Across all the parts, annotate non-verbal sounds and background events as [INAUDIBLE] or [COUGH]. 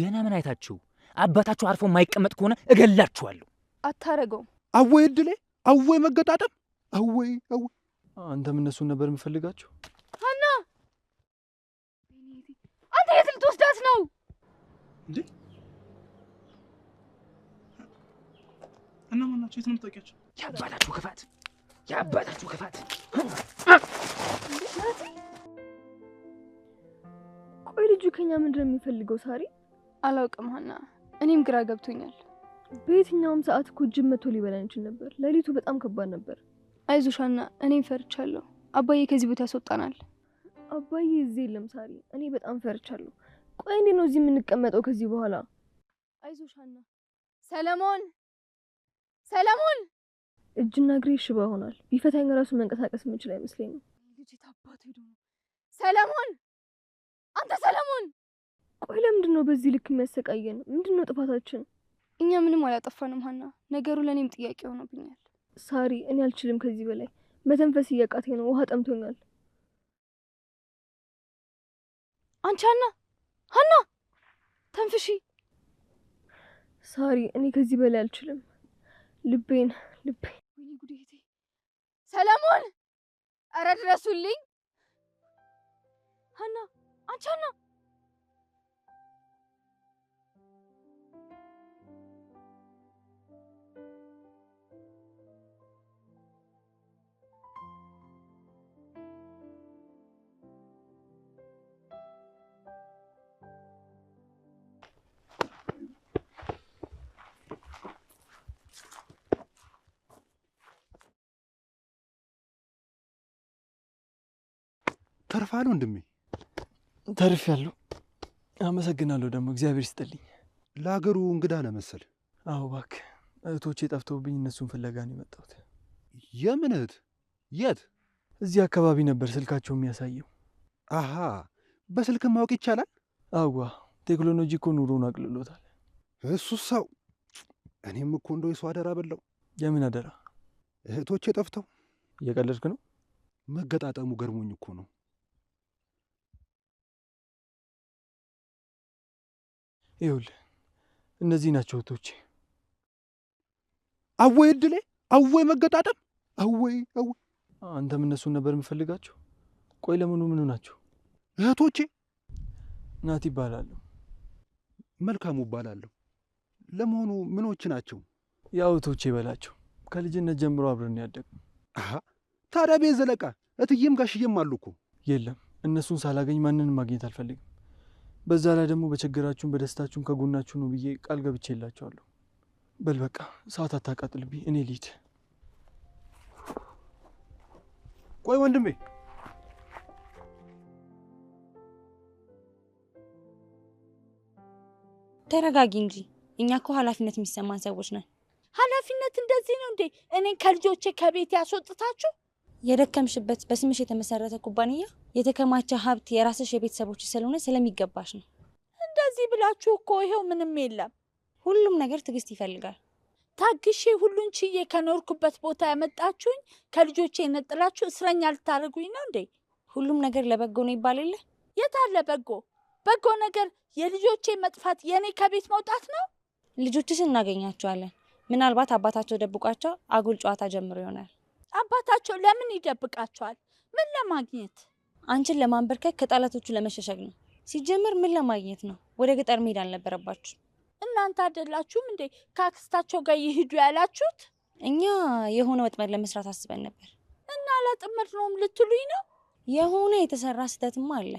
ገና ምን አይታችሁ? አባታችሁ አርፎ የማይቀመጥ ከሆነ እገላችኋለሁ። አታረገው። አወይ እድሌ፣ አወይ መገጣጠም፣ አወይ አወይ። አንተም እነሱን ነበር የምፈልጋችሁ። ሀና፣ አንተ የት ልትወስዳት ነው እንዴ? እና ማናቸው? የት ነው የምታውቂያቸው? የአባታችሁ ክፋት፣ የአባታችሁ ክፋት። ቆይ ልጁ ከኛ ምንድን ነው የሚፈልገው ሳሪ? አላውቅም ሀና፣ እኔም ግራ ገብቶኛል። በየትኛውም ሰዓት እኮ ጅብ መቶ ሊበላን ይችል ነበር። ሌሊቱ በጣም ከባድ ነበር። አይዞሽ ሀና፣ እኔም ፈርቻለሁ። አባዬ ከዚህ ቦታ ያስወጣናል። አባዬ እዚህ የለም ሳሪ፣ እኔ በጣም ፈርቻለሁ። ቆይ ነው እዚህ የምንቀመጠው ከዚህ በኋላ? አይዞሽ ሀና። ሰለሞን ሰለሞን! እጅና እግሬ ሽባ ሆኗል። ቢፈታኝ ራሱ መንቀሳቀስ የምችል አይመስለኝም። ሰለሞን! አንተ ሰለሞን ቆይ ለምንድን ነው በዚህ ልክ የሚያሰቃየን? ምንድን ነው ጥፋታችን? እኛ ምንም አላጠፋንም ሀና። ነገሩ ለእኔም ጥያቄ ሆኖብኛል። ሳሪ፣ እኔ አልችልም ከዚህ በላይ መተንፈስ እያቃቴ ነው። ውሃ ጠምቶኛል። አንቺ ሀና ሀና ተንፍሺ። ሳሪ፣ እኔ ከዚህ በላይ አልችልም። ልቤን ልቤ ሰለሞን፣ ኧረ ድረሱልኝ። ሀና አንቺ ሀና ተርፋል ወንድሜ። ተርፍ ያለው አመሰግናለሁ። ደግሞ እግዚአብሔር ይስጥልኝ። ለሀገሩ እንግዳ ለመሰል አዎ፣ እባክህ እህቶቼ ጠፍተውብኝ እነሱን ፍለጋ ነው የመጣሁት። የምን እህት? የት? እዚህ አካባቢ ነበር ስልካቸው የሚያሳየው። አሀ፣ በስልክ ማወቅ ይቻላል? አዋ፣ ቴክኖሎጂ እኮ ኑሮን አቅልሎታል። እሱ ሰው እኔም እኮ እንደ የሰው አደራ በላው። የምን አደራ? እህቶቼ ጠፍተው። እየቀለድክ ነው? መገጣጠሙ ገርሞኝ እኮ ነው ይኸውልህ እነዚህ ናቸው እህቶቼ። አወይ እድሌ፣ አወይ መገጣጠም፣ አወይ አወይ። አንተም እነሱን ነበር የምፈልጋቸው። ቆይ ለምኑ ምኑ ናቸው እህቶቼ? ናት ይባላለሁ፣ መልካሙ ይባላለሁ። ለመሆኑ ምኖች ናቸው? ያው እህቶቼ በላቸው። ከልጅነት ጀምሮ አብረን ያደግ። አሀ፣ ታዲያ ቤት ዘለቃ እትዬም ጋሽዬም አሉ እኮ። የለም እነሱን ሳላገኝ ማንንም ማግኘት አልፈልግም። በዛ ላይ ደግሞ በችግራችሁም በደስታችሁም ከጎናችሁ ነው ብዬ ቃል ገብቼ የላቸዋለሁ። በል በቃ ሰዓት አታቃጥልብኝ፣ እኔ ልሂድ። ቆይ ወንድሜ ተረጋጊ እንጂ እኛ እኮ ኃላፊነት የሚሰማን ሰዎች ነን። ኃላፊነት እንደዚህ ነው እንዴ? እኔን ከልጆቼ ከቤት ያስወጥታችሁ የደከምሽበት በስምሽ የተመሰረተ ኩባንያ የተከማቸ ሀብት የራስሽ የቤተሰቦች ስለሆነ ስለሚገባሽ ነው። እንደዚህ ብላችሁ እኮ ይኸው ምንም የለም። ሁሉም ነገር ትዕግስት ይፈልጋል። ታግሼ ሁሉን ችዬ ከኖርኩበት ቦታ ያመጣችሁኝ ከልጆቼ የነጥላችሁ እስረኛ ልታደርጉኝ ነው እንዴ? ሁሉም ነገር ለበጎ ነው ይባልል የት አለ በጎ? በጎ ነገር የልጆቼ መጥፋት የእኔ ከቤት መውጣት ነው። ልጆችሽ እናገኛቸዋለን። ምናልባት አባታቸው ደብቋቸው አጉል ጨዋታ ጀምሮ ይሆናል። አባታቸው ለምን ይደብቃቸዋል? ምን ለማግኘት? አንቺን ለማንበርከክ ከጠላቶቹ ለመሸሸግ ነው። ሲጀምር ምን ለማግኘት ነው? ወደ ገጠር መሄድ አልነበረባችሁ እናንተ አይደላችሁም እንዴ ከአክስታቸው ጋር ይሄዱ ያላችሁት? እኛ የሆነ ወጥመድ ለመስራት አስበን ነበር። እና ለጥመድ ነውም ልትሉኝ ነው? የሆነ የተሰራ ስህተትም አለ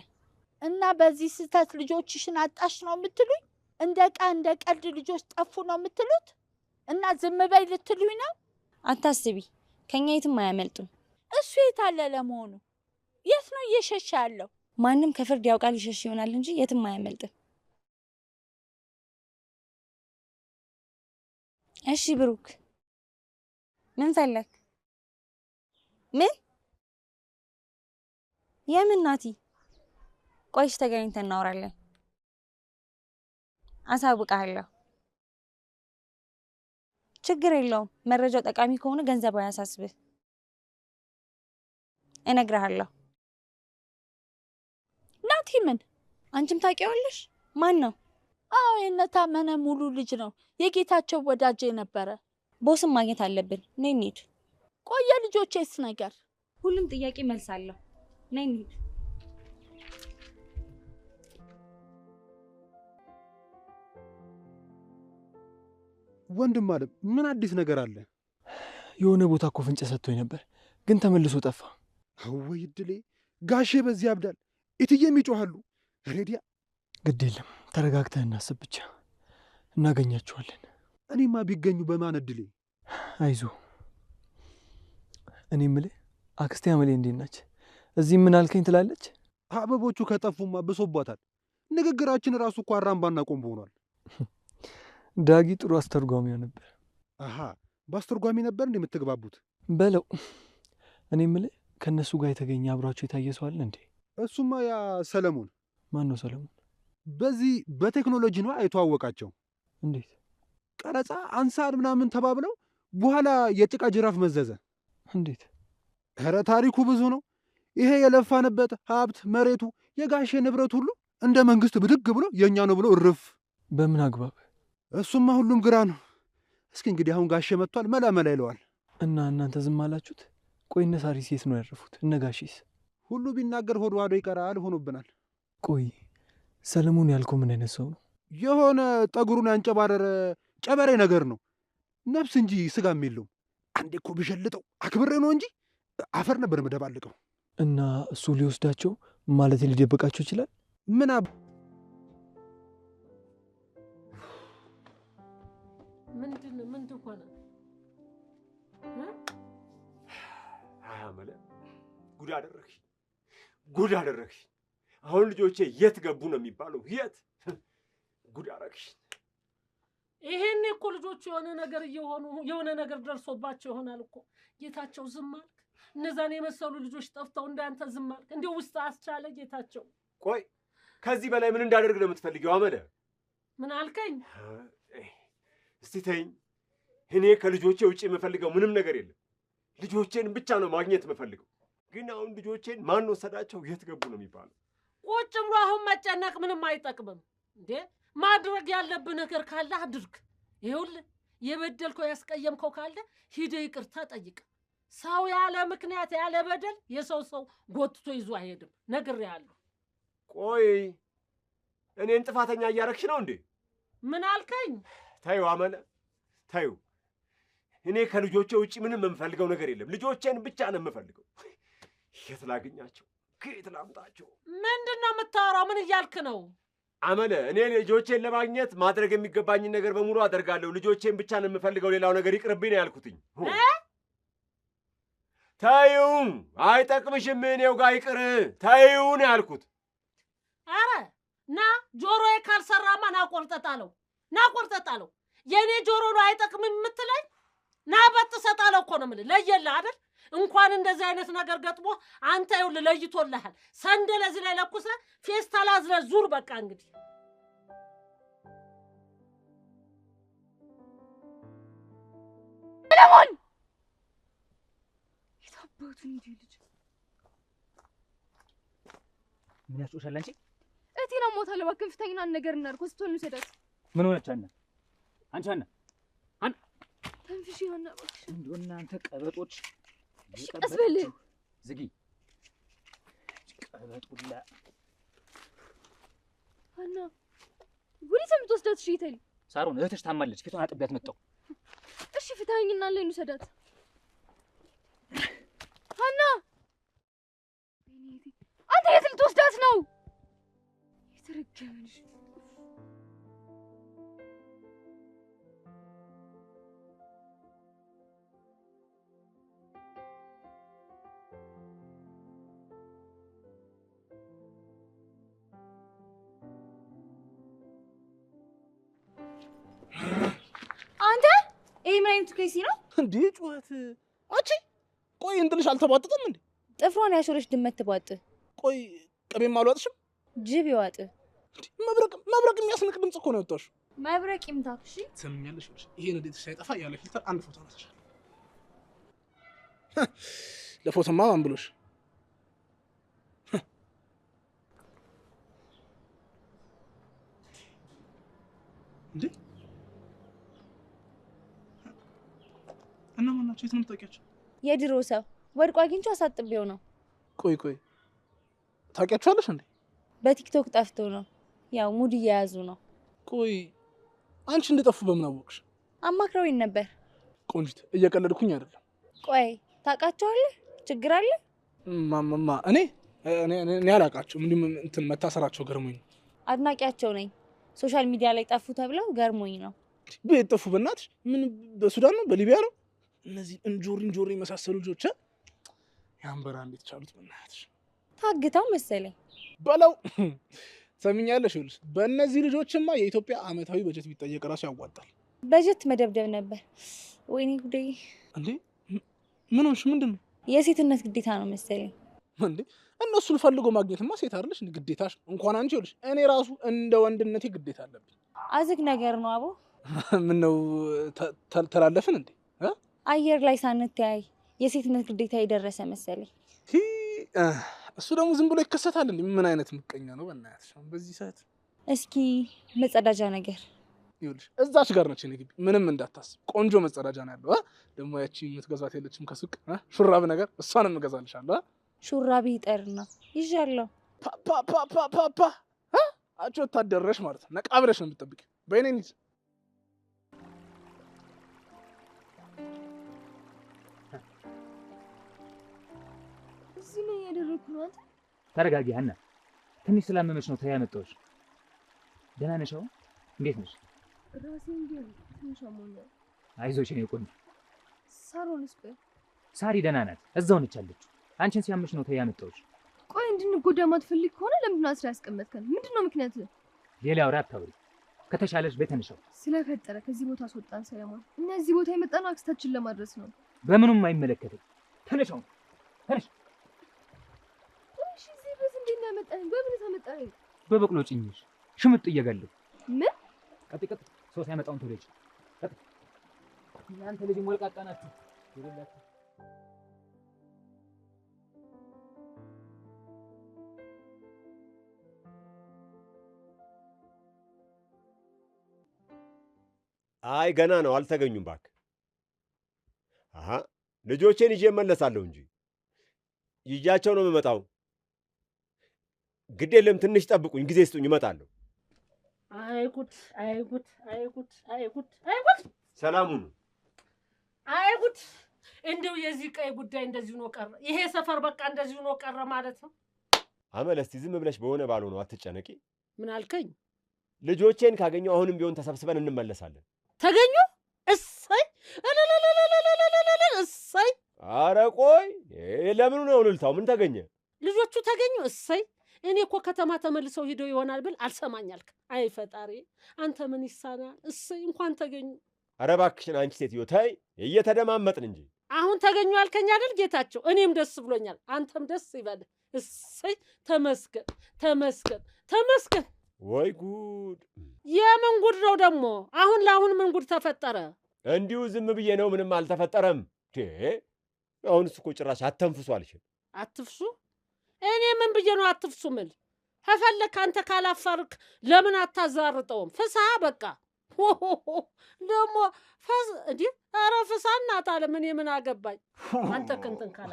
እና በዚህ ስህተት ልጆችሽን አጣሽ ነው የምትሉኝ? እንደ ቃ እንደ ቀልድ ልጆች ጠፉ ነው የምትሉት? እና ዝም በይ ልትሉኝ ነው? አታስቢ ከኛ የትም አያመልጡም። እሱ የታለለ ለመሆኑ? የት ነው እየሸሸ ያለው? ማንም ከፍርድ ያውቃል። ይሸሽ ይሆናል እንጂ የትም አያመልጥም። እሺ ብሩክ፣ ምን ፈለግ? ምን የምን ናቲ? ቆይሽ ተገናኝተን እናወራለን። አሳውቃለሁ። ችግር የለውም። መረጃው ጠቃሚ ከሆነ ገንዘብ አያሳስብህ፣ እነግርሃለሁ። ናቲ ምን? አንቺም ታውቂዋለሽ? ማን ነው? አዎ የነታመነ ሙሉ ልጅ ነው። የጌታቸው ወዳጅ የነበረ ቦስም ማግኘት አለብን። ነይ እንሂድ። ቆየ ልጆቼስ ነገር ሁሉም ጥያቄ መልስ አለው። ነይ እንሂድ። ወንድም አለም ምን አዲስ ነገር አለ? የሆነ ቦታ እኮ ፍንጭ ሰጥቶኝ ነበር፣ ግን ተመልሶ ጠፋ። ወይ እድሌ! ጋሼ በዚህ ያብዳል፣ እትዬም ይጮኋሉ። ሬዲያ ግድ የለም ተረጋግተህ እናስብ ብቻ፣ እናገኛቸዋለን። እኔማ ቢገኙ በማን እድሌ! አይዞ። እኔ የምልህ አክስቴ አመሌ እንዴት ናች? እዚህ ምን አልከኝ ትላለች? አበቦቹ ከጠፉማ ብሶባታል። ንግግራችን ራሱ እኮ አራምባና ቆም ሆኗል። [LAUGHS] ዳጊ ጥሩ አስተርጓሚያ ነበር። አሀ በአስተርጓሚ ነበር እንዴ የምትግባቡት? በለው እኔ የምልህ ከእነሱ ጋር የተገኘ አብሯቸው የታየ ሰው አለ እንዴ? እሱማ ያ ሰለሞን። ማን ነው ሰለሞን? በዚህ በቴክኖሎጂ ነው የተዋወቃቸው። እንዴት? ቀረጻ አንሳር ምናምን ተባብለው በኋላ የጭቃ ጅራፍ መዘዘ። እንዴት? ኧረ ታሪኩ ብዙ ነው። ይሄ የለፋንበት ሀብት፣ መሬቱ፣ የጋሼ ንብረት ሁሉ እንደ መንግስት ብድግ ብሎ የእኛ ነው ብሎ እርፍ። በምን አግባብ እሱማ ሁሉም ግራ ነው። እስኪ እንግዲህ አሁን ጋሼ መጥቷል፣ መላ መላ ይለዋል። እና እናንተ ዝም አላችሁት? ቆይ እነ ሳሪስ የት ነው ያረፉት? እነ ጋሼስ? ሁሉ ቢናገር ሆድ ዋዶ ይቀራል፣ ሆኖብናል። ቆይ ሰለሞን ያልከው ምን አይነት ሰው ነው? የሆነ ጠጉሩን ያንጨባረረ ጨበሬ ነገር ነው፣ ነፍስ እንጂ ስጋም የለውም። አንዴ እኮ ብሸልጠው አክብሬ ነው እንጂ አፈር ነበር ምደባልቀው። እና እሱ ሊወስዳቸው ማለት ሊደበቃቸው ይችላል ምና ምን ትሆነ አያመለ ጉድ አደረግሽ፣ ጉድ አደረግሽ። አሁን ልጆቼ የት ገቡ ነው የሚባለው? የት ጉድ አደረግሽ። ይሄኔ እኮ ልጆቹ የሆነ ነገር እየሆኑ የሆነ ነገር ደርሶባቸው ይሆናል እኮ ጌታቸው። ዝም አልክ። እነዛን የመሰሉ ልጆች ጠፍተው እንዳንተ ዝም አልክ። እንዲያው ውስጥ አስቻለ ጌታቸው። ቆይ ከዚህ በላይ ምን እንዳደርግ ነው የምትፈልጊው? አመለ ምን አልከኝ? እስቲ ተይኝ እኔ ከልጆቼ ውጭ የምፈልገው ምንም ነገር የለም። ልጆቼን ብቻ ነው ማግኘት የምፈልገው። ግን አሁን ልጆቼን ማን ወሰዳቸው? የት ገቡ ነው የሚባለው? ቁጭ ብሎ አሁን መጨነቅ ምንም አይጠቅምም። እንዴ ማድረግ ያለብህ ነገር ካለ አድርግ። ይኸውልህ የበደልከው ያስቀየምከው ካለ ሂደ ይቅርታ ጠይቅ። ሰው ያለ ምክንያት ያለ በደል የሰው ሰው ጎትቶ ይዞ አይሄድም። ነግሬሃለሁ። ቆይ እኔን ጥፋተኛ እያረግሽ ነው እንዴ? ምን አልከኝ? ተይው አመለ ተይው እኔ ከልጆቼ ውጭ ምንም የምፈልገው ነገር የለም። ልጆቼን ብቻ ነው የምፈልገው። የት ላግኛቸው? ከየት ላምጣቸው? ምንድን ነው የምታወራው? ምን እያልክ ነው? አመለ፣ እኔ ልጆቼን ለማግኘት ማድረግ የሚገባኝን ነገር በሙሉ አደርጋለሁ። ልጆቼን ብቻ ነው የምፈልገው። ሌላው ነገር ይቅርብኝ ነው ያልኩትኝ። ተይው፣ አይጠቅምሽም። እኔው ጋር ይቅር፣ ተይው ያልኩት። አረ ና ጆሮዬ ካልሰራማ ና ቆርጠጣለው፣ ና ቆርጠጣለው። የእኔ ጆሮ ነው አይጠቅምም የምትለኝ ና በጥ ሰጣለ እኮ ነው የምልህ። ለየለህ አይደል? እንኳን እንደዚህ አይነት ነገር ገጥሞ አንተ ይኸውልህ ለይቶልሃል። ሰንደ እዚህ ላይ ለኩሰ ፌስታል አዝለህ ዙር። በቃ እንግዲህ ሰለሞን የታባቱ እንጂ ልጅ ምን ያስጦሻል? አንቺ እህቴን አሞታል። እባክህ ፍታኝና ነገር እናድርግ። ስትሆን ውሰዳት። ምን ሆነች? አና አንቺ እንደው እናንተ ቀበጦች ዝጊ ቀበጡላ እሺ ይተል ሳሮን እህትሽ ታማለች ፊቷን አጥቢያት መጣሁ እሺ ፍታኝና አንተ የት ልትወስዳት ነው ይህ ምን አይነት ኬሲ ነው እንዴ? ጩኸት አንቺ ቆይ እንትንሽ አልተቧጥጥም እንዴ? ጥፍሯን ያሾለች ድመት ትቧጥ። ቆይ ቅቤም አልዋጥሽም? ጅብ ይዋጥ። መብረቅ መብረቅ የሚያስንቅ ድምጽ እኮ ነው የወጣሽ። መብረቅ ይምታክሽ። ትሰምኛለሽ? ይሄ ንዴት ሳይጠፋ ያለ ፊልተር አንድ ፎቶ አነሳሻለሁ። ለፎቶማ ማን ብሎሽ? እንዴ እና ማን የት ነው የምታውቂያቸው? የድሮ ሰው ወድቆ አግኝቼ አሳጥቤው ነው። ቆይ ቆይ ታውቂያቸዋለሽ እንዴ? በቲክቶክ ጠፍቶ ነው። ያው ሙድ እየያዙ ነው። ቆይ አንቺ እንደጠፉ በምን አወቅሽ? አማክረውኝ ነበር። ቆንጂት፣ እየቀለድኩኝ አይደለም። ቆይ ታውቃቸዋለህ? ችግር አለ? ማማማ እኔ እኔ አላውቃቸውም። እንዲሁም እንትን መታሰራቸው ገርሞኝ ነው። አድናቂያቸው ነኝ። ሶሻል ሚዲያ ላይ ጠፉ ተብለው ገርሞኝ ነው። ጠፉ። በእናትሽ ምን በሱዳን ነው በሊቢያ ነው እነዚህ እንጆሪ እንጆሪ የመሳሰሉ ልጆች ያንበራ እንዴት ቻሉት? በእናትሽ ታግተው መሰለኝ በለው። [CLEARS THROAT] ሰምኛለሽ? ይኸውልሽ በእነዚህ ልጆችማ የኢትዮጵያ አመታዊ በጀት ቢጠየቅ ራሱ ያዋጣል። በጀት መደብደብ ነበር። ወይኔ ጉዴ! እንዴ ምን ሆንሽ? ምንድን ነው? የሴትነት ግዴታ ነው መሰለኝ። እንዴ እነሱን ፈልጎ ማግኘትማ ሴት አይደለሽ ግዴታሽ። እንኳን አንቺ ይኸውልሽ እኔ ራሱ እንደ ወንድነቴ ግዴታ አለብኝ። አዝግ ነገር ነው አቦ። ምን ነው ተላለፍን እንዴ? አየር ላይ ሳንተያይ የሴትነት ግዴታ የደረሰ መሰለኝ። እሱ ደግሞ ዝም ብሎ ይከሰታል። ምን አይነት ምቀኛ ነው በእናትሽ! በዚህ ሰዓት እስኪ መጸዳጃ ነገር ይኸውልሽ፣ እዛች ጋር ነች ግቢ። ምንም እንዳታስብ፣ ቆንጆ መጸዳጃ ነው ያለው። ደግሞ ያቺ የምትገዛት የለችም ከሱቅ ሹራብ ነገር፣ እሷንም እገዛልሻለሁ። ሹራብ ይጠርና ይዣለሁ። ፓፓፓፓፓፓ አንቺ ወታደር ነሽ ማለት ነው። ነቃ ብለሽ ነው የምትጠብቂው። በይኔ እንሂድ እዚህ ምን እያደረግኩ ነው? አንተ ተረጋጊ ሀና፣ ትንሽ ስላመመች ነው ተይ ያመጣሁሽ። ደህና ነሽ? እንዴት ነሽ? ራሴ እንዲሁ ትንሽ አሞኛል። አይዞሽ የኔ ቆንጆ። ሳሮንስ? ሳሪ ደህና ናት፣ እዛው ነች አለችው። አንቺን ሲያመሽ ነው ተይ ያመጣሁሽ። ቆይ እንድንጎዳ ማትፈልግ ከሆነ ለምንድን ነው አስራ ያስቀመጥከን? ምንድን ነው ምክንያት? ሌላ አታውሪ። ከተሻለሽ ስለፈጠረ ከዚህ ቦታ አስወጣን ሰለሞን። እኛ እዚህ ቦታ የመጣነው አክስታችን ለማድረስ ነው። በምኑም አይመለከትም። ተነሻው፣ አመጣኝ? በምን ታመጣኝ? በበቅሎ ጭኝሽ ሽምጥ እየገለሁ ምን ቀጥ ቀጥ ሰው ሳይመጣውን ትውለጅ እናንተ ልጅ ወልቃጣ ናችሁ። አይ ገና ነው አልተገኙም። እባክህ አሀ ልጆቼን ይዤ እመለሳለሁ እንጂ ይዣቸው ነው የምመጣው። ግድ የለም ትንሽ ጠብቁኝ፣ ጊዜ ስጡኝ፣ እመጣለሁ። አይጉድ አይጉድ አይጉድ አይጉድ አይጉድ! ሰላሙኑ አይጉድ! እንዲሁ የዚህ ቀይ ጉዳይ እንደዚህ ሆኖ ቀረ። ይሄ ሰፈር በቃ እንደዚህ ሆኖ ቀረ ማለት ነው። አመል፣ እስቲ ዝም ብለሽ በሆነ ባልሆነው አትጨነቂ። ምን አልከኝ? ልጆቼን ካገኘው አሁንም ቢሆን ተሰብስበን እንመለሳለን። ተገኙ? እሰይ! እሰይ! ኧረ ቆይ፣ ለምኑ ነው ልልታው? ምን ተገኘ? ልጆቹ ተገኙ። እሰይ እኔ እኮ ከተማ ተመልሰው ሂደው ይሆናል ብል አልሰማኝ አልክ። አይ ፈጣሪ፣ አንተ ምን ይሳናል? እሰይ እንኳን ተገኙ። ኧረ እባክሽን አንቺ ሴትዮ ተይ፣ እየተደማመጥን እንጂ አሁን ተገኙ አልከኝ አይደል ጌታቸው? እኔም ደስ ብሎኛል፣ አንተም ደስ ይበል። እሰይ ተመስገን፣ ተመስገን፣ ተመስገን። ወይ ጉድ! የምን ጉድ ነው ደግሞ? አሁን ለአሁን ምን ጉድ ተፈጠረ? እንዲሁ ዝም ብዬ ነው፣ ምንም አልተፈጠረም። አሁንስ እኮ ጭራሽ አተንፍሱ አልሽም። አትፍሱ እኔ ምን ብዬ ነው አትፍሱ ምል ከፈለክ አንተ ካላፈርክ ለምን አታዛርጠውም? ፍሳ በቃ ደግሞ እንዲህ ኧረ ፍሳ እናታለም እኔ ምን አገባኝ አንተ ክንትን ካላ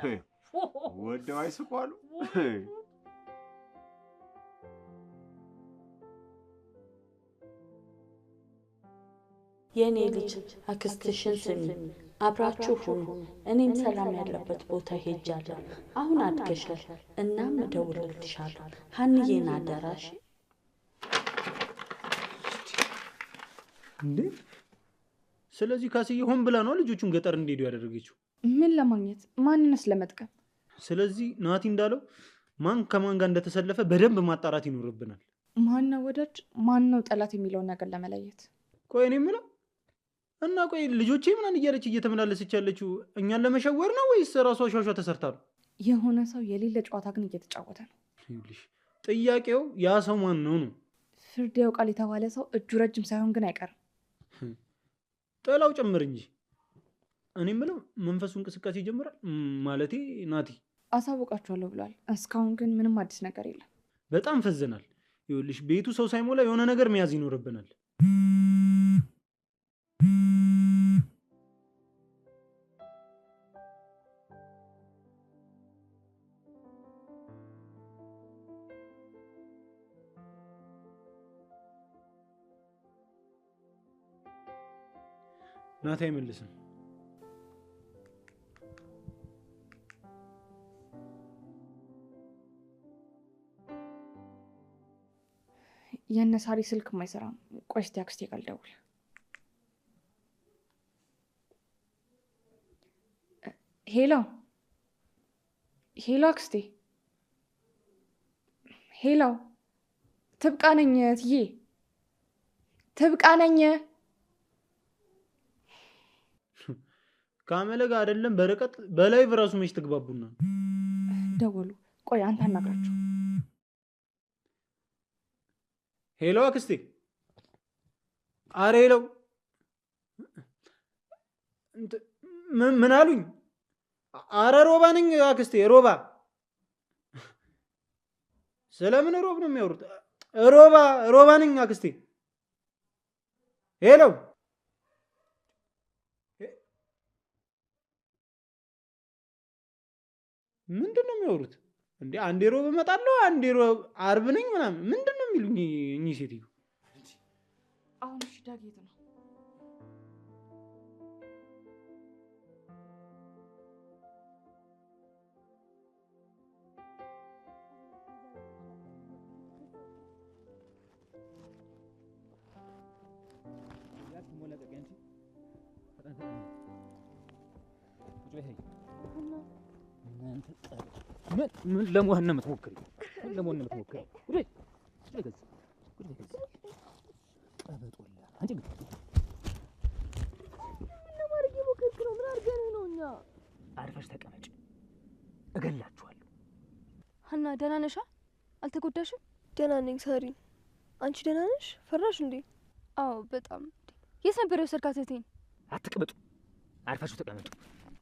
ወደው አይስቋሉ የእኔ ልጅ አክስትሽን ስሚ አብራችሁ ሁኑ። እኔም ሰላም ያለበት ቦታ ሄጃለሁ። አሁን አድገሻል። እናም እደውልልሻለሁ። ሀንዬን አደራሽ። እንዴ! ስለዚህ ካስዬ ሆን ብላ ነው ልጆቹን ገጠር እንዲሄዱ ያደረገችው። ምን ለማግኘት? ማንነስ ለመጥቀም። ስለዚህ ናቲ እንዳለው ማን ከማን ጋር እንደተሰለፈ በደንብ ማጣራት ይኖርብናል። ማን ነው ወዳጅ፣ ማን ነው ጠላት የሚለውን ነገር ለመለየት። ቆይ እኔ የምለው እና ቆይ ልጆቼ ምናን እያለች እየተመላለሰች ያለችው እኛን ለመሸወር ነው ወይስ ራሷ ሻሿ ተሰርታ ነው? የሆነ ሰው የሌለ ጨዋታ ግን እየተጫወተ ነው። ጥያቄው ያ ሰው ማን ነው ነው። ፍርድ ያውቃል የተባለ ሰው እጁ ረጅም ሳይሆን ግን አይቀርም ጥላው ጭምር እንጂ። እኔ ምለው መንፈሱ እንቅስቃሴ ይጀምራል ማለቴ ናቲ አሳውቃችኋለሁ ብሏል። እስካሁን ግን ምንም አዲስ ነገር የለም። በጣም ፈዘናል። ይኸውልሽ ቤቱ ሰው ሳይሞላ የሆነ ነገር መያዝ ይኖርብናል። ናታ አይመልስም። የነሳሪ ስልክ አይሰራም። ቆይ እስኪ አክስቴ ጋር ልደውል። ሄሎ ሄሎ፣ አክስቴ ሄሎ። ትብቃ ነኝ ትዬ፣ ትብቃ ነኝ ከአመለ ጋር አይደለም በርቀት በላይ ራሱ መች ትግባቡና ደወሉ። ቆይ አንተ አናግራችሁ። ሄሎ አክስቴ። አሬ ሄለው ምን አሉኝ? አረ ሮባ ነኝ አክስቴ። ሮባ ስለምን ሮብ ነው የሚያወሩት? ሮባ ሮባ ነኝ አክስቴ። ሄለው ምንድን ነው የሚወሩት እንዴ? አንዴ ሮብ እመጣለሁ አንዴ ሮብ አርብ ነኝ ምናምን ምንድን ነው የሚሉ እኚህ ሴትዮ። አሁን እሺ ዳግ ነው? Thank you. ምን ምን ለመሆን ነው የምትሞክሪው? ምን ለመሆን ነው የምትሞክሪው? አርፈሽ ተቀመጭ፣ እገላችኋለሁ። ሀና ደህና ነሽ? አልተጎዳሽም? ደህና ነኝ ሳሪ። አንቺ ደህና ነሽ? ፈራሽ እንዴ? አዎ በጣም። የት ነበር የወሰድካት እህቴን? አትቀመጡ፣ አርፋችሁ ተቀመጡ።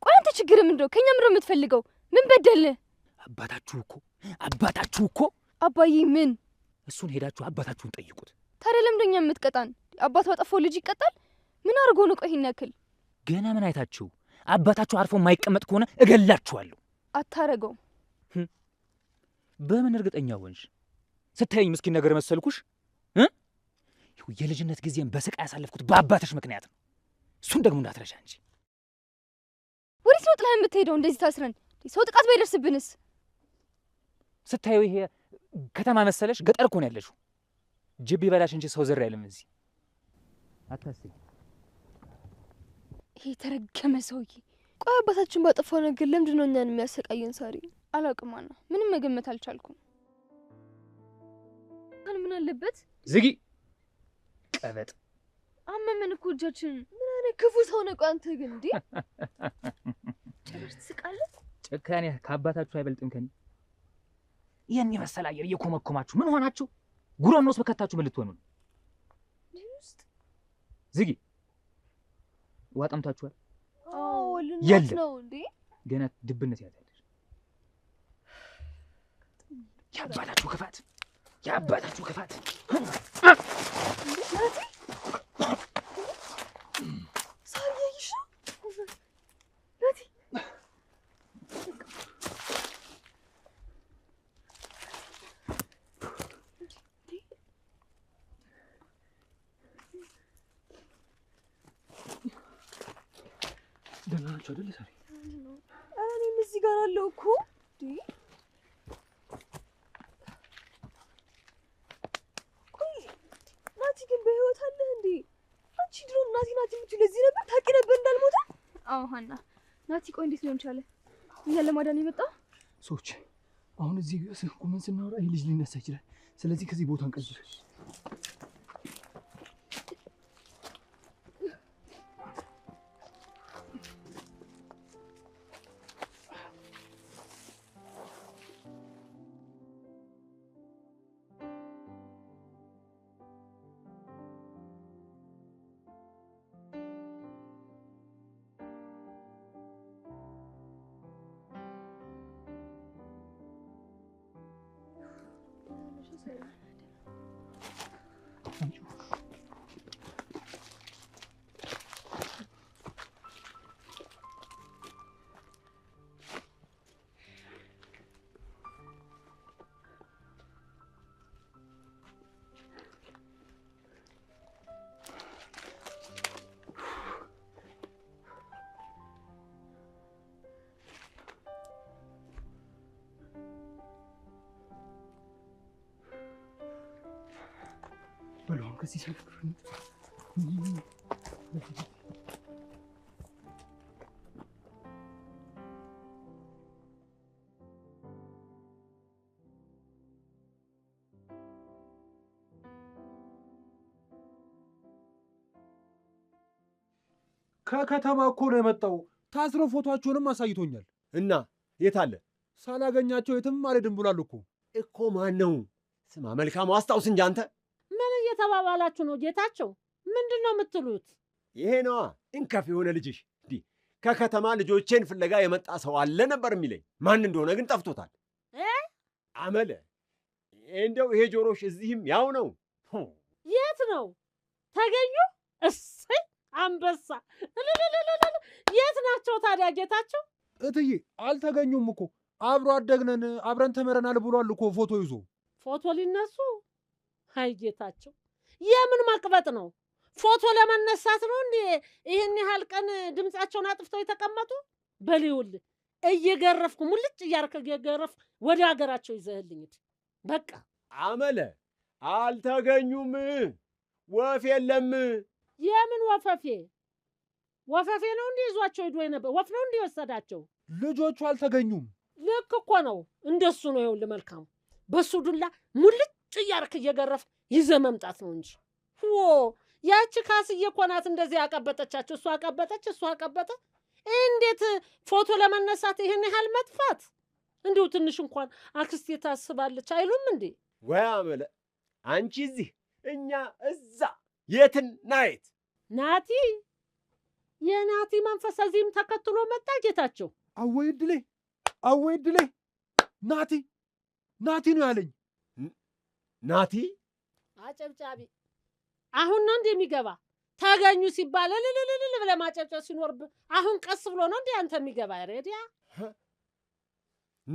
ቆይ አንተ ችግር ምንድን ነው? ከእኛ ምንድን ነው የምትፈልገው? ምን በደል? አባታችሁ እኮ አባታችሁ እኮ አባዬ ምን? እሱን ሄዳችሁ አባታችሁን ጠይቁት። ታዲያ ለምደኛ የምትቀጣን? አባት ባጠፋው ልጅ ይቀጣል? ምን አድርጎ ነው? ቆይ ይህን ያክል ገና ምን አይታችሁ? አባታችሁ አርፎ የማይቀመጥ ከሆነ እገላችኋለሁ። አታረገውም። በምን እርግጠኛ ሆንሽ? ስታየኝ ምስኪን ነገር መሰልኩሽ? የልጅነት ጊዜም በስቃይ ያሳለፍኩት በአባትሽ ምክንያት ነው። እሱን ደግሞ እንዳትረሻ እንጂ። ወዴት ነው ጥላ የምትሄደው እንደዚህ ታስረን? ሰው ጥቃት ባይደርስብንስ? ስታዩ ይሄ ከተማ መሰለሽ? ገጠር እኮ ነው ያለሽው። ጅብ ይበላሽ እንጂ ሰው ዝር አይልም እዚህ። አታስቢ። ይሄ የተረገመ ሰውዬ። ቆይ አባታችን ባጠፋው ነገር ለምንድን ነው እኛን የሚያሰቃየን? ሳሪ አላውቅም አና ምንም መገመት አልቻልኩም። ምን አለበት ዝጊ። ቀበጥ አመመን እኮ እጃችን። ምን አይነት ክፉ ሰው ነው! አንተ ግን እንዴ [LAUGHS] ጭራሽ ትስቃለህ። ጭካኔ ከአባታችሁ አይበልጥም ከኔ። ይህን የመሰለ አየር እየኮመኮማችሁ ምን ሆናችሁ? ጉሮን ውስጥ በከታችሁ ምን ልትሆኑ ነው? ዝጊ። ውሃ ጠምታችኋል? የለም ገና ድብነት ያለች የአባታችሁ ክፋት፣ የአባታችሁ ክፋት ናቲ ናቲ የምትይው ለዚህ ነበር? ታውቂ ነበር እንዳልሞተ? አዎ ሀና። ናቲ ቆይ እንዴት ሊሆን ቻለ? እኛ ለማዳን የመጣ ሰዎች አሁን እዚህ ስልኩ ምን ስናወራ ይህ ልጅ ሊነሳ ይችላል። ስለዚህ ከዚህ ቦታ እንቀይር። ብለዋል። ከዚህ ከከተማ እኮ ነው የመጣው። ታስረው ፎቶአቸውንም አሳይቶኛል። እና የት አለ? ሳላገኛቸው የትም አልሄድም ብሏል እኮ እኮ ማን ነው? ስማ መልካሙ አስታውስ እንጂ አንተ እየተባባላችሁ ነው? ጌታቸው ምንድን ነው የምትሉት? ይሄ ነዋ እንከፍ የሆነ ልጅሽ እንዲህ ከከተማ ልጆቼን ፍለጋ የመጣ ሰው አለ ነበር የሚለኝ። ማን እንደሆነ ግን ጠፍቶታል። አመለ እንደው ይሄ ጆሮሽ እዚህም ያው ነው። የት ነው ተገኙ? እሰይ አንበሳ! የት ናቸው ታዲያ ጌታቸው? እትዬ አልተገኙም እኮ አብሮ አደግነን አብረን ተምረናል ብሏል እኮ ፎቶ ይዞ ፎቶ ሊነሱ። አይ ጌታቸው የምን መቅበጥ ነው? ፎቶ ለመነሳት ነው እንዴ? ይህን ያህል ቀን ድምፃቸውን አጥፍተው የተቀመጡ በሊውል እየገረፍኩ ሙልጭ እያርክ እየገረፍኩ ወደ ሀገራቸው ይዘህልኝት በቃ። አመለ አልተገኙም፣ ወፍ የለም። የምን ወፈፌ ወፈፌ ነው እንዲህ ይዟቸው ሄዶ ነበር። ወፍ ነው እንዲህ ወሰዳቸው። ልጆቹ አልተገኙም። ልክ እኮ ነው። እንደሱ ነው። ይኸውልህ መልካሙ በሱ ዱላ ሙልጭ እያርክ እየገረፍክ ይዘ መምጣት ነው እንጂ ዎ ያቺ ካስዬ እኮ ናት እንደዚህ ያቀበጠቻቸው። እሷ አቀበጠች፣ እሷ አቀበጠ። እንዴት ፎቶ ለመነሳት ይህን ያህል መጥፋት? እንዲሁ ትንሽ እንኳን አክስቴ ታስባለች አይሉም እንዴ? ወይ አመለ አንቺ እዚህ እኛ እዛ የትን ናየት ናቲ የናቲ መንፈስ እዚህም ተከትሎ መጣ። ጌታቸው አወይ ድሌ፣ አወይ ድሌ፣ ናቲ ናቲ ነው ያለኝ ናቲ አጨብጫቢ አሁን ነው እንደ የሚገባ ተገኙ ሲባል ልልልልል ብለህ ማጨብጨብ ሲኖርብ አሁን ቀስ ብሎ ነው እንደ አንተ የሚገባ ሬዲያ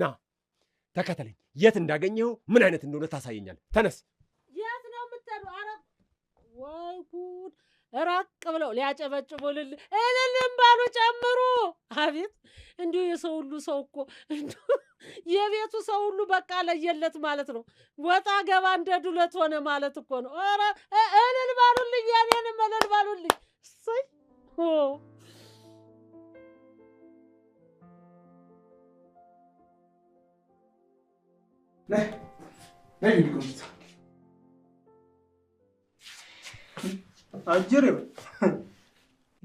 ና ተከተለኝ። የት እንዳገኘኸው ምን አይነት እንደሆነ ታሳየኛለህ። ተነስ። የት ነው የምትሄደው? ኧረ ወይ ጉድ! ራቅ ብለው ሊያጨበጭቡ ልል እልልም ባሉ ጨምሩ። አቤት እንዲሁ የሰው ሁሉ ሰው እኮ የቤቱ ሰው ሁሉ በቃ ለየለት ማለት ነው። ወጣ ገባ እንደ ዱለት ሆነ ማለት እኮ ነው። ኧረ እልል ባሉልኝ፣ የኔንም እልል ባሉልኝ። እሰይ አጅር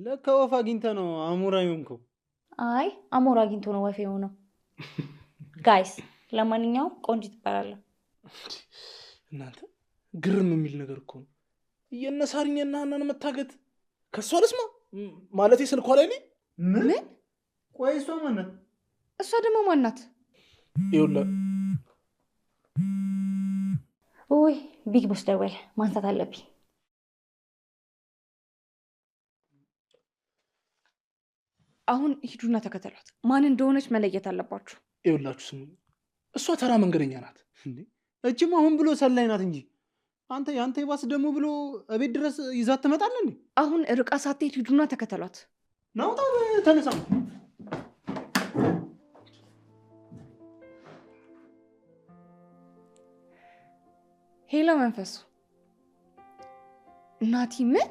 ለካ ወፍ አግኝተ ነው አሞራ የሆንከው። አይ አሞራ አግኝቶ ነው ወፍ የሆነው። [LAUGHS] ጋይስ ለማንኛውም ቆንጂት ትባላለህ። እናንተ ግርም የሚል ነገር እኮ ነው። የነሳሪኝ እና መታገት ከእሷ ልስማ ማለት ስልኳ ላይ ምን? ቆይ እሷ ማናት? እሷ ደግሞ ማናት? ይኸውልህ ውይ ቢግ ቦስ ደወል ማንሳት አለብኝ። አሁን ሂዱና ተከተሏት። ማን እንደሆነች መለየት አለባችሁ። ይኸውላችሁ ስሙ፣ እሷ ተራ መንገደኛ ናት። እጅም አሁን ብሎ ሰላይ ናት እንጂ አንተ የአንተ ይባስ ደግሞ ብሎ እቤት ድረስ ይዛት ትመጣለ። እንዴ? አሁን ርቃ ሳትሄድ ሂዱና ተከተሏት። ናውጣ ተነሳ። ሄሎ መንፈሱ ናቲ ምን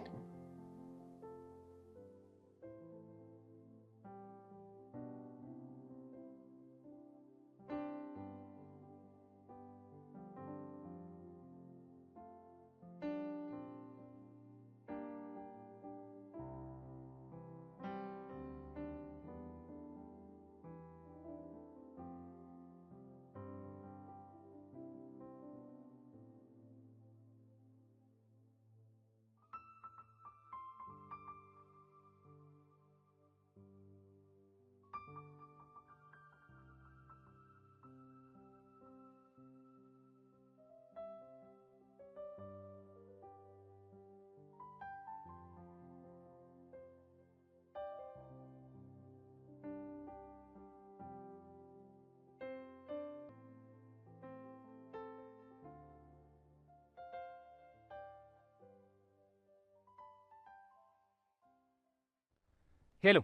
ሄሎ፣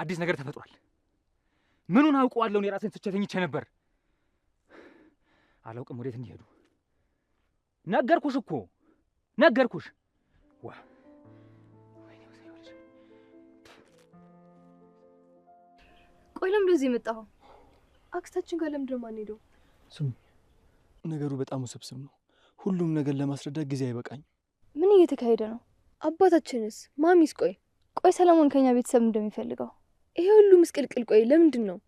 አዲስ ነገር ተፈጥሯል። ምኑን አውቀዋለሁ? እኔ ራሴን ስቼ ተኝቼ ነበር። አላውቅም ወዴት እንዲሄዱ። ነገርኩሽ እኮ ነገርኩሽ። ዋ ቆይ ለምዶ እዚህ የመጣኸው? አክስታችን ጋር ለምዶ ማን ሄደው? ስሙ፣ ነገሩ በጣም ውስብስብ ነው። ሁሉም ነገር ለማስረዳት ጊዜ አይበቃኝ ምን እየተካሄደ ነው? አባታችንስ? ማሚስ? ቆይ ቆይ ሰለሞን ከኛ ቤተሰብ እንደሚፈልገው ይሄ ሁሉ ምስቅልቅል፣ ቆይ ለምንድን ነው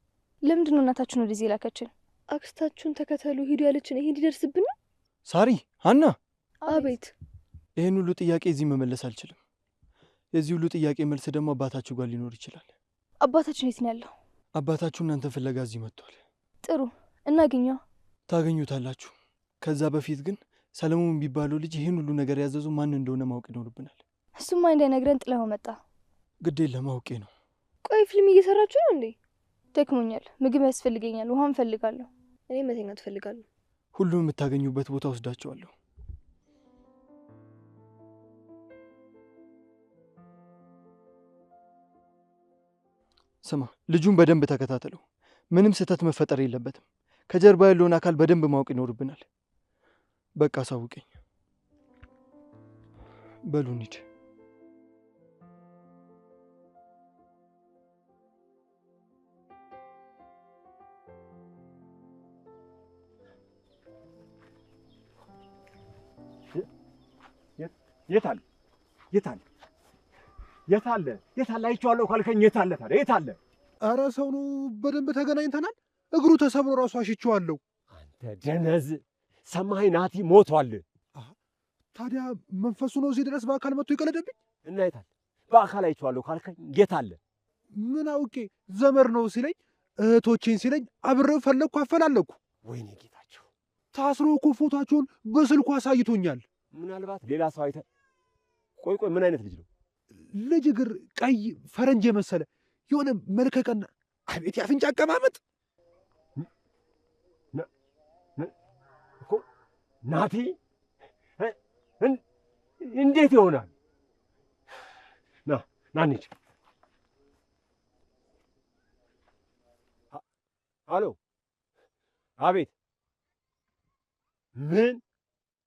ለምንድን ነው እናታችን ወደዚህ የላከችን? አክስታችሁን ተከተሉ ሂዱ ያለችን ይሄ እንዲደርስብን ነው? ሳሪ፣ ሀና። አቤት። ይህን ሁሉ ጥያቄ እዚህ መመለስ አልችልም። የዚህ ሁሉ ጥያቄ መልስ ደግሞ አባታችሁ ጋር ሊኖር ይችላል። አባታችን የት ነው ያለው? አባታችሁ እናንተ ፍለጋ እዚህ መጥቷል። ጥሩ እናገኘው። ታገኙታላችሁ። ከዛ በፊት ግን ሰለሞን የሚባለው ልጅ ይህን ሁሉ ነገር ያዘዙ ማን እንደሆነ ማወቅ ይኖርብናል። እሱማ እንዳይነግረን ጥለው መጣ። ግዴን ለማውቄ ነው። ቆይ ፊልም እየሰራችሁ ነው እንዴ? ደክሞኛል፣ ምግብ ያስፈልገኛል፣ ውሃም ፈልጋለሁ። እኔ መተኛ ትፈልጋለሁ። ሁሉም የምታገኙበት ቦታ ወስዳቸዋለሁ። ስማ፣ ልጁን በደንብ ተከታተለው። ምንም ስህተት መፈጠር የለበትም። ከጀርባ ያለውን አካል በደንብ ማወቅ ይኖርብናል። በቃ አሳውቀኝ። በሉ እንሂድ። የታለ የታለ የታለ የታለ አይቼዋለሁ ካልከኝ የታለ ታዲያ የታለ? ኧረ ሰው ነው። በደንብ ተገናኝተናል። እግሩ ተሰብሮ ራሱ አሽቼዋለሁ። አንተ ደነዝ ሰማኸኝ? ናቲ ሞቷል። ታዲያ መንፈሱ ነው እዚህ ድረስ በአካል መጥቶ ይቀለደብኝ እና የታለ? በአካል አይቼዋለሁ ካልከኝ የታለ? ምን አውቄ ዘመድ ነው ሲለኝ እህቶቼን ሲለኝ አብረው ፈለግኩ አፈላለኩ። ወይኔ ጌታቸው ታስሮ እኮ ፎቷቸውን በስልኩ አሳይቶኛል። ምናልባት ሌላ ሰው አይተ ቆይ ቆይ፣ ምን አይነት ልጅ ነው? ልጅ እግር ቀይ ፈረንጅ የመሰለ የሆነ መልከቀና፣ አቤት የአፍንጫ አቀማመጥ ናቲ፣ እንዴት ይሆናል? ና ናንች አሎ፣ አቤት ምን